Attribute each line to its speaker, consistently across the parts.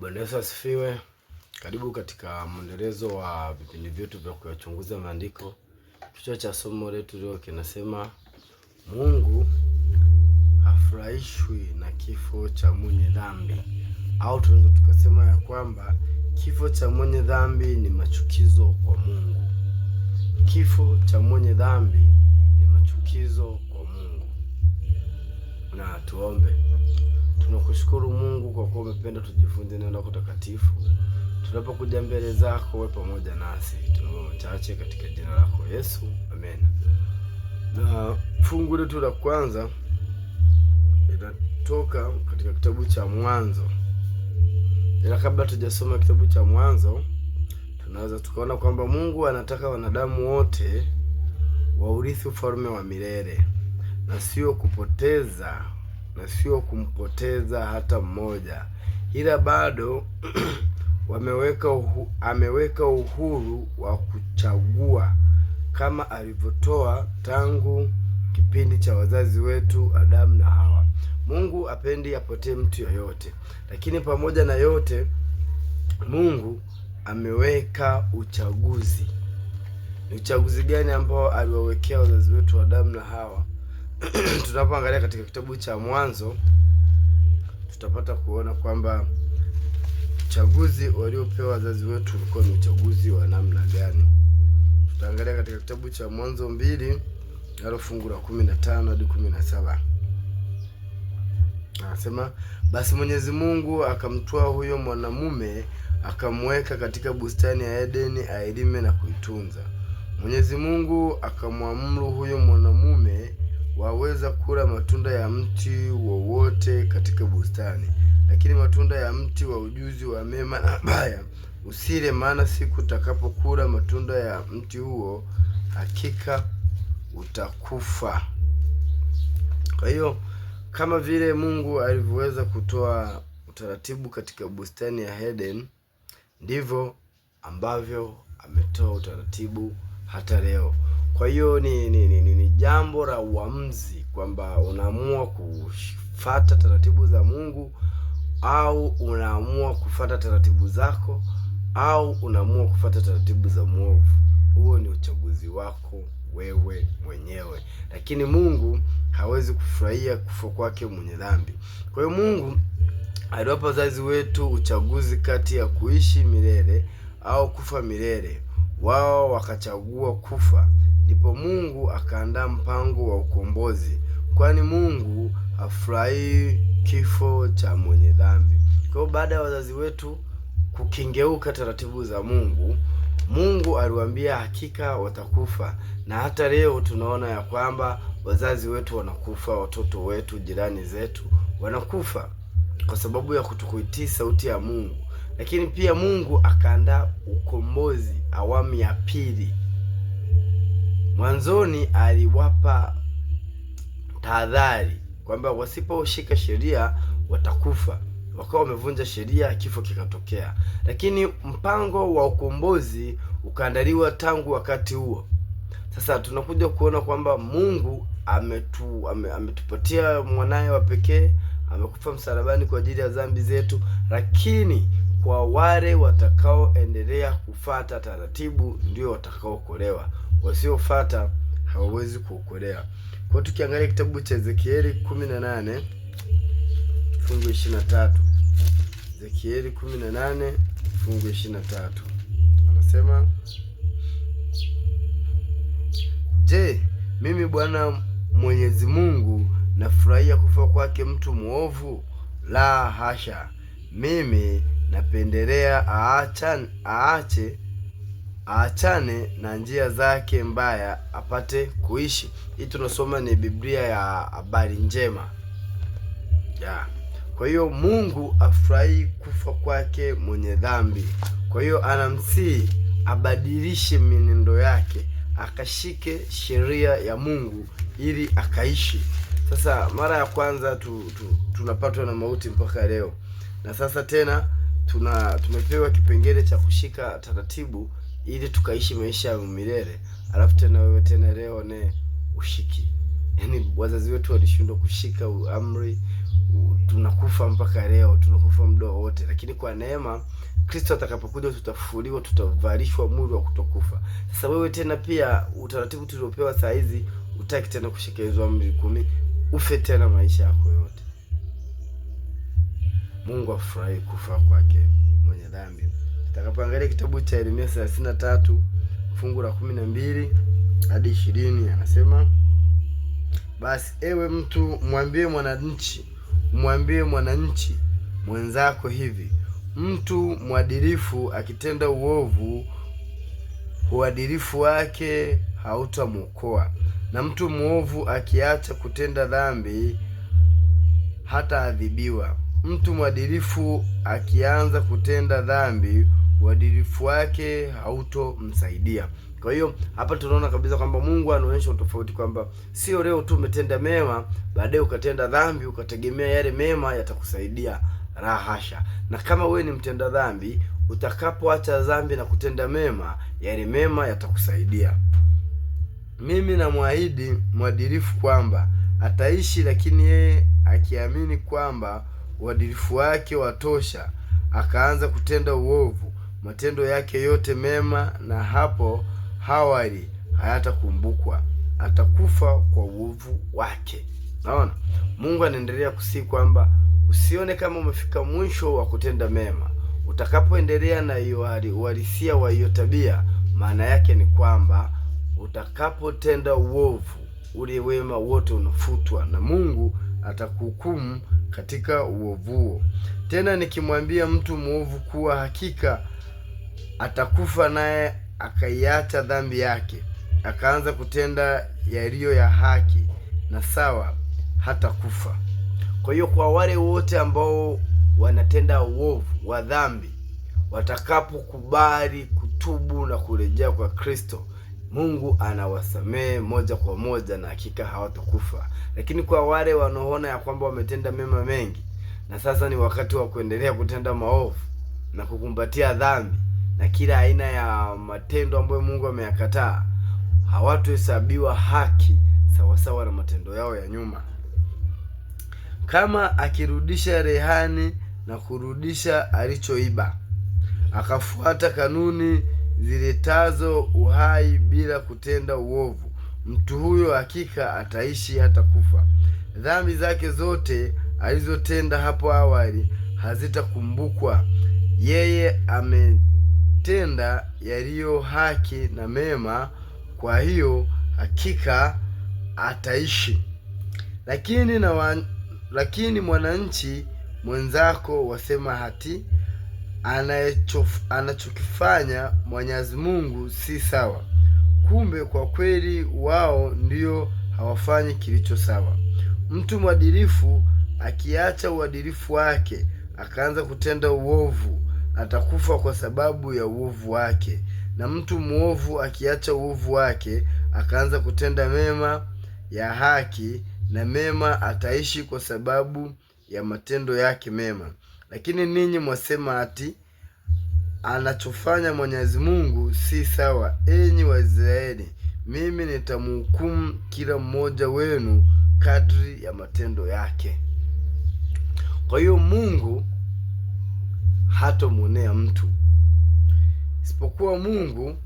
Speaker 1: Bwana Yesu asifiwe. Karibu katika mwendelezo wa vipindi vyetu vya kuyachunguza maandiko. Kichwa cha somo letu leo kinasema Mungu hafurahishwi na kifo cha mwenye dhambi, au tunaweza tukasema ya kwamba kifo cha mwenye dhambi ni machukizo kwa Mungu. Kifo cha mwenye dhambi ni machukizo kwa Mungu. Na tuombe kushukuru Mungu kwa kuwa umependa tujifunze neno lako takatifu. Tunapokuja mbele zako, wewe pamoja nasi. Tunaomba machache katika jina lako Yesu, amen. Na fungu letu la kwanza linatoka katika kitabu cha Mwanzo, ila kabla tujasoma kitabu cha Mwanzo, tunaweza tukaona kwamba Mungu anataka wanadamu wote waurithi ufalme wa milele na sio kupoteza na sio kumpoteza hata mmoja, ila bado wameweka uhu, ameweka uhuru wa kuchagua kama alivyotoa tangu kipindi cha wazazi wetu Adamu na Hawa. Mungu apendi apotee mtu yoyote, lakini pamoja na yote Mungu ameweka uchaguzi. Ni uchaguzi gani ambao aliwawekea wazazi wetu Adamu na Hawa tunapoangalia katika kitabu cha Mwanzo tutapata kuona kwamba uchaguzi waliopewa wazazi wetu ulikuwa ni uchaguzi wa namna gani. Tutaangalia katika kitabu cha Mwanzo mbili nalo fungu la kumi na tano hadi kumi na saba. Anasema, basi Mwenyezi Mungu akamtoa huyo mwanamume akamweka katika bustani ya Edeni ailime na kuitunza. Mwenyezi Mungu akamwamuru huyo mwanamume waweza kula matunda ya mti wowote katika bustani, lakini matunda ya mti wa ujuzi wa mema na mabaya usile, maana siku utakapokula matunda ya mti huo hakika utakufa. Kwa hiyo kama vile Mungu alivyoweza kutoa utaratibu katika bustani ya Eden, ndivyo ambavyo ametoa utaratibu hata leo. Kwa hiyo ni ni, ni, ni jambo la uamuzi kwamba unaamua kufata taratibu za Mungu au unaamua kufata taratibu zako au unaamua kufata taratibu za mwovu. Huo ni uchaguzi wako wewe mwenyewe, lakini Mungu hawezi kufurahia kufa kwake mwenye dhambi. Kwa hiyo Mungu aliwapa wazazi wetu uchaguzi kati ya kuishi milele au kufa milele. Wao wakachagua kufa ndipo Mungu akaandaa mpango wa ukombozi, kwani Mungu hafurahii kifo cha mwenye dhambi. Kwa hiyo baada ya wazazi wetu kukengeuka taratibu za Mungu, Mungu aliwaambia hakika watakufa, na hata leo tunaona ya kwamba wazazi wetu wanakufa, watoto wetu, jirani zetu wanakufa kwa sababu ya kutokuitii sauti ya Mungu. Lakini pia Mungu akaandaa ukombozi, awamu ya pili Mwanzoni aliwapa tahadhari kwamba wasiposhika sheria watakufa, wakawa wamevunja sheria, kifo kikatokea. Lakini mpango wa ukombozi ukaandaliwa tangu wakati huo. Sasa tunakuja kuona kwamba Mungu ametu, ame, ametupatia mwanaye wa pekee, amekufa msalabani kwa ajili ya dhambi zetu, lakini kwa wale watakaoendelea kufata taratibu ndio watakaokolewa, wasiofata hawawezi kuokolewa. Kwa tukiangalia kitabu cha Ezekieli 18 fungu 23, Ezekieli 18 fungu 23 anasema Je, mimi Bwana Mwenyezi Mungu nafurahia kufa kwake mtu mwovu? La hasha, mimi napendelea aachan, aache aachane na njia zake mbaya apate kuishi. Hii tunasoma ni Biblia ya habari njema ya. Kwa hiyo Mungu afurahii kufa kwake mwenye dhambi. Kwa hiyo anamsihi abadilishe mienendo yake akashike sheria ya Mungu ili akaishi. Sasa mara ya kwanza tu, tu, tunapatwa na mauti mpaka leo na sasa tena tuna tumepewa kipengele cha kushika taratibu ili tukaishi maisha ya milele, alafu tena wewe tena leo ne ushiki. Yani wazazi wetu walishindwa kushika amri, tunakufa mpaka leo, tunakufa muda wote, lakini kwa neema Kristo atakapokuja tutafufuliwa, tutavalishwa mwili wa kutokufa. Sasa wewe tena pia utaratibu tuliopewa saa hizi utaki tena kushika hizo amri kumi, ufe tena maisha yako yote. Mungu afurahi kufa kwake mwenye dhambi. Tutakapoangalia kitabu cha Yeremia 33 fungu la 12 hadi 20, anasema basi ewe mtu mwambie mwananchi, mwambie mwananchi mwenzako hivi, mtu mwadilifu akitenda uovu, uadilifu wake hautamwokoa, na mtu mwovu akiacha kutenda dhambi, hata adhibiwa. Mtu mwadilifu akianza kutenda dhambi, uadilifu wake hautomsaidia. Kwa hiyo hapa tunaona kabisa kwamba Mungu anaonyesha utofauti kwamba sio leo tu umetenda mema, baadaye ukatenda dhambi ukategemea yale mema yatakusaidia. La hasha! Na kama wewe ni mtenda dhambi, utakapoacha dhambi na kutenda mema, yale mema yatakusaidia. Mimi namwahidi mwadilifu kwamba ataishi, lakini yeye akiamini kwamba uadilifu wake watosha, akaanza kutenda uovu matendo yake yote mema na hapo hawali hayatakumbukwa, atakufa kwa uovu wake. Naona Mungu anaendelea kusii kwamba usione kama umefika mwisho wa kutenda mema. Utakapoendelea na uhalisia wa hiyo tabia, maana yake ni kwamba utakapotenda uovu, ule wema wote unafutwa na Mungu atakuhukumu katika uovuo. Tena nikimwambia mtu mwovu kuwa hakika atakufa, naye akaiacha dhambi yake akaanza kutenda yaliyo ya haki na sawa, hata kufa. Kwa hiyo kwa wale wote ambao wanatenda uovu wa dhambi watakapokubali kutubu na kurejea kwa Kristo Mungu anawasamehe moja kwa moja na hakika hawatakufa. Lakini kwa wale wanaoona ya kwamba wametenda mema mengi na sasa ni wakati wa kuendelea kutenda maovu na kukumbatia dhambi na kila aina ya matendo ambayo Mungu ameyakataa, hawatohesabiwa haki sawasawa na matendo yao ya nyuma. Kama akirudisha rehani na kurudisha alichoiba, akafuata kanuni ziletazo uhai bila kutenda uovu, mtu huyo hakika ataishi hata kufa. Dhambi zake zote alizotenda hapo awali hazitakumbukwa. Yeye ametenda yaliyo haki na mema, kwa hiyo hakika ataishi. Lakini na wa, lakini mwananchi mwenzako wasema hati anachokifanya Mwenyezi Mungu si sawa, kumbe kwa kweli wao ndio hawafanyi kilicho sawa. Mtu mwadilifu akiacha uadilifu wake akaanza kutenda uovu atakufa kwa sababu ya uovu wake, na mtu mwovu akiacha uovu wake akaanza kutenda mema ya haki na mema ataishi kwa sababu ya matendo yake mema. Lakini ninyi mwasema ati anachofanya Mwenyezi Mungu si sawa. Enyi Waisraeli, mimi nitamhukumu kila mmoja wenu kadri ya matendo yake. Kwa hiyo Mungu hatomwonea mtu, isipokuwa Mungu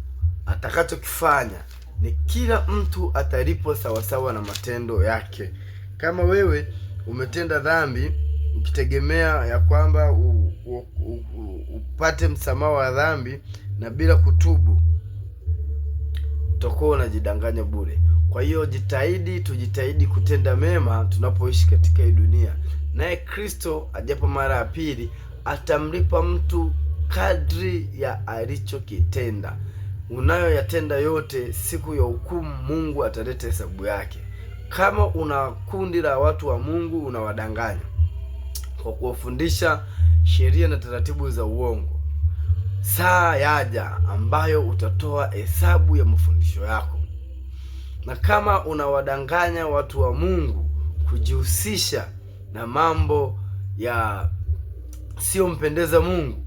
Speaker 1: atakachokifanya ni kila mtu atalipwa sawasawa na matendo yake. Kama wewe umetenda dhambi ukitegemea ya kwamba u, u, u, u, upate msamaha wa dhambi na bila kutubu utakuwa unajidanganya bure. Kwa hiyo jitahidi, tujitahidi kutenda mema tunapoishi katika hii dunia, naye Kristo ajapo mara ya pili atamlipa mtu kadri ya alichokitenda. Unayoyatenda yote, siku ya hukumu Mungu ataleta hesabu yake. Kama una kundi la watu wa Mungu unawadanganya kwa kuwafundisha sheria na taratibu za uongo. Saa yaja ambayo utatoa hesabu ya mafundisho yako, na kama unawadanganya watu wa Mungu kujihusisha na mambo ya siyompendeza Mungu,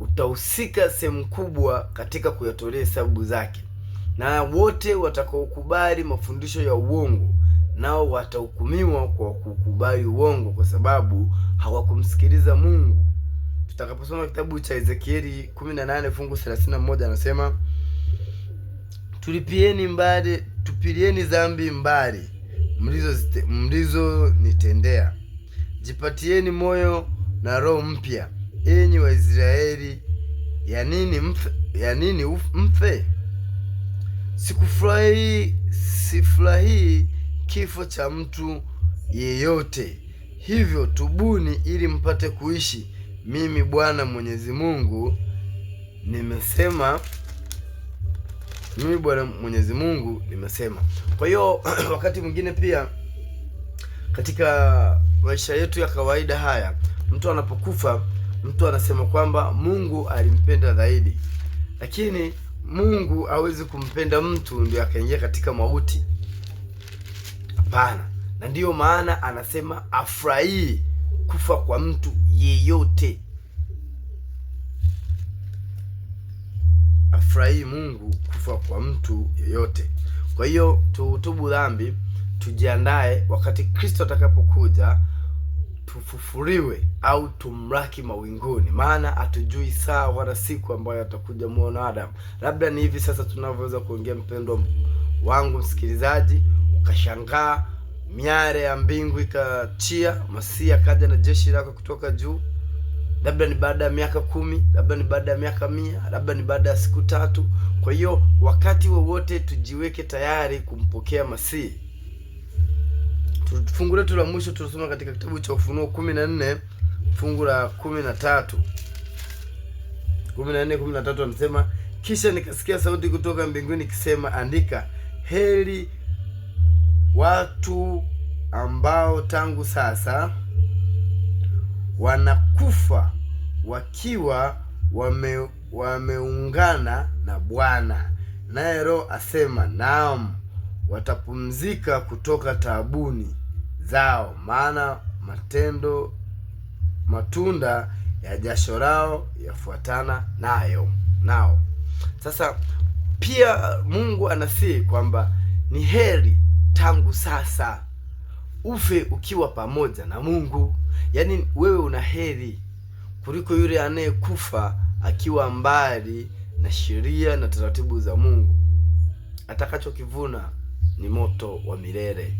Speaker 1: utahusika sehemu kubwa katika kuyatolea hesabu zake, na wote watakaokubali mafundisho ya uongo nao watahukumiwa kwa kukubali uongo, kwa sababu hawakumsikiliza Mungu. Tutakaposoma kitabu cha Ezekieli 18 fungu 31, anasema tulipieni mbali, tupilieni dhambi mbali mlizo mlizonitendea, jipatieni moyo na roho mpya, enyi Waisraeli. Ya nini mfe? Ya nini mfe? Sikufurahi, sifurahii kifo cha mtu yeyote. Hivyo tubuni ili mpate kuishi. Mimi Bwana Mwenyezi Mungu nimesema, mimi Bwana Mwenyezi Mungu nimesema. Kwa hiyo wakati mwingine pia katika maisha yetu ya kawaida haya, mtu anapokufa, mtu anasema kwamba Mungu alimpenda zaidi, lakini Mungu hawezi kumpenda mtu ndio akaingia katika mauti. Hapana. Na ndiyo maana anasema afurahii kufa kwa mtu yeyote, afurahii Mungu kufa kwa mtu yeyote. Kwa hiyo tuhutubu dhambi, tujiandae wakati Kristo atakapokuja tufufuriwe au tumraki mawinguni, maana hatujui saa wala siku ambayo atakuja mwanadamu. Labda ni hivi sasa tunavyoweza kuongea, mpendo wangu msikilizaji Kashangaa, miare ya mbingu ikatia, Masia kaja na jeshi lake kutoka juu. Labda ni baada ya miaka kumi, labda ni baada ya miaka mia, labda ni baada ya siku tatu. Kwa hiyo wakati wowote tujiweke tayari kumpokea Masihi. Fungu letu la mwisho tulisoma katika kitabu cha Ufunuo kumi na nne fungu la kumi na tatu kumi na nne kumi na tatu anasema, kisha nikasikia sauti kutoka mbinguni ikisema, andika, heri watu ambao tangu sasa wanakufa wakiwa wame, wameungana na Bwana, naye Roho asema naam, watapumzika kutoka taabuni zao, maana matendo matunda ya jasho lao yafuatana nayo nao. Sasa pia Mungu anasii kwamba ni heri tangu sasa ufe ukiwa pamoja na Mungu. Yaani wewe una heri kuliko yule anayekufa akiwa mbali na sheria na taratibu za Mungu. Atakachokivuna ni moto wa milele.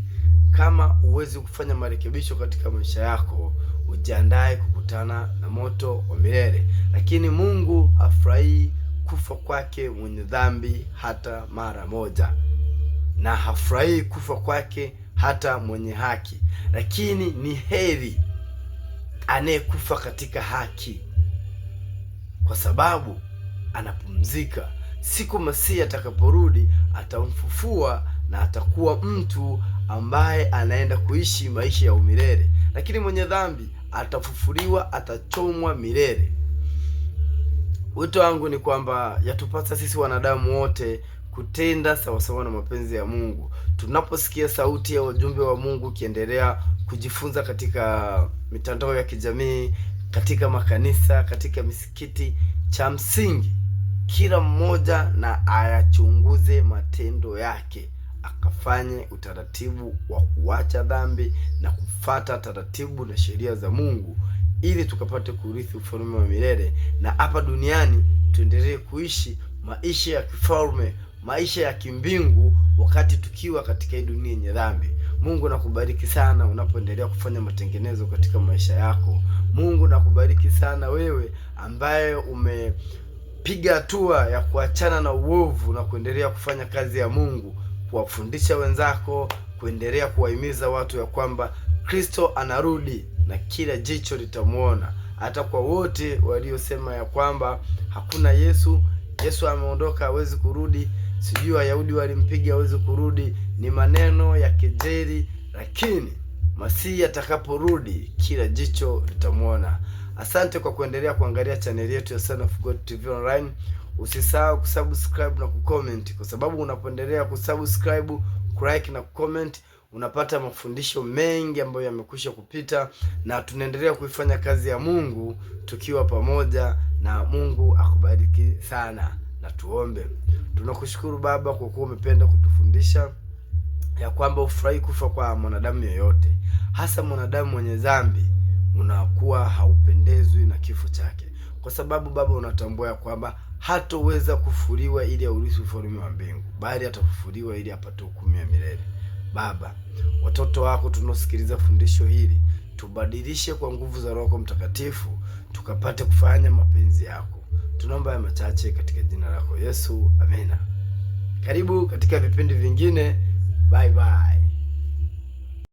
Speaker 1: Kama uwezi kufanya marekebisho katika maisha yako, ujiandae kukutana na moto wa milele. Lakini Mungu afurahii kufa kwake mwenye dhambi hata mara moja na hafurahii kufa kwake hata mwenye haki, lakini ni heri anayekufa katika haki, kwa sababu anapumzika. Siku Masihi atakaporudi atamfufua na atakuwa mtu ambaye anaenda kuishi maisha ya umilele, lakini mwenye dhambi atafufuliwa, atachomwa milele. Wito wangu ni kwamba yatupasa sisi wanadamu wote kutenda sawasawa na mapenzi ya Mungu. Tunaposikia sauti ya ujumbe wa Mungu ukiendelea kujifunza katika mitandao ya kijamii, katika makanisa, katika misikiti, cha msingi kila mmoja na ayachunguze matendo yake, akafanye utaratibu wa kuacha dhambi na kufata taratibu na sheria za Mungu ili tukapate kurithi ufalme wa milele na hapa duniani tuendelee kuishi maisha ya kifalme maisha ya kimbingu wakati tukiwa katika hii dunia yenye dhambi. Mungu nakubariki sana unapoendelea kufanya matengenezo katika maisha yako. Mungu nakubariki sana wewe ambaye umepiga hatua ya kuachana na uovu na kuendelea kufanya kazi ya Mungu, kuwafundisha wenzako, kuendelea kuwahimiza watu ya kwamba Kristo anarudi na kila jicho litamwona, hata kwa wote waliosema ya kwamba hakuna Yesu, Yesu ameondoka, hawezi kurudi sijui Wayahudi walimpiga aweze kurudi, ni maneno ya kejeli, lakini Masihi atakaporudi kila jicho litamwona. Asante kwa kuendelea kuangalia chaneli yetu ya Son of God TV Online. Usisahau kusubscribe na kucomment, kwa sababu unapoendelea kusubscribe, kulike na kucomment unapata mafundisho mengi ambayo yamekwisha kupita, na tunaendelea kuifanya kazi ya Mungu tukiwa pamoja, na Mungu akubariki sana na tuombe. Tunakushukuru Baba kwa kuwa umependa kutufundisha ya kwamba ufurahi kufa kwa mwanadamu yoyote, hasa mwanadamu mwenye dhambi, unakuwa haupendezwi na kifo chake, kwa sababu Baba unatambua ya kwamba hatoweza kufuriwa ili aurithi ufalme wa mbingu, bali atafufuliwa ili apate hukumu ya milele. Baba, watoto wako tunaosikiliza fundisho hili, tubadilishe kwa nguvu za Roho Mtakatifu, tukapate kufanya mapenzi yako. Tunaomba haya machache katika jina lako Yesu, amina. Karibu katika vipindi vingine. Bye bye.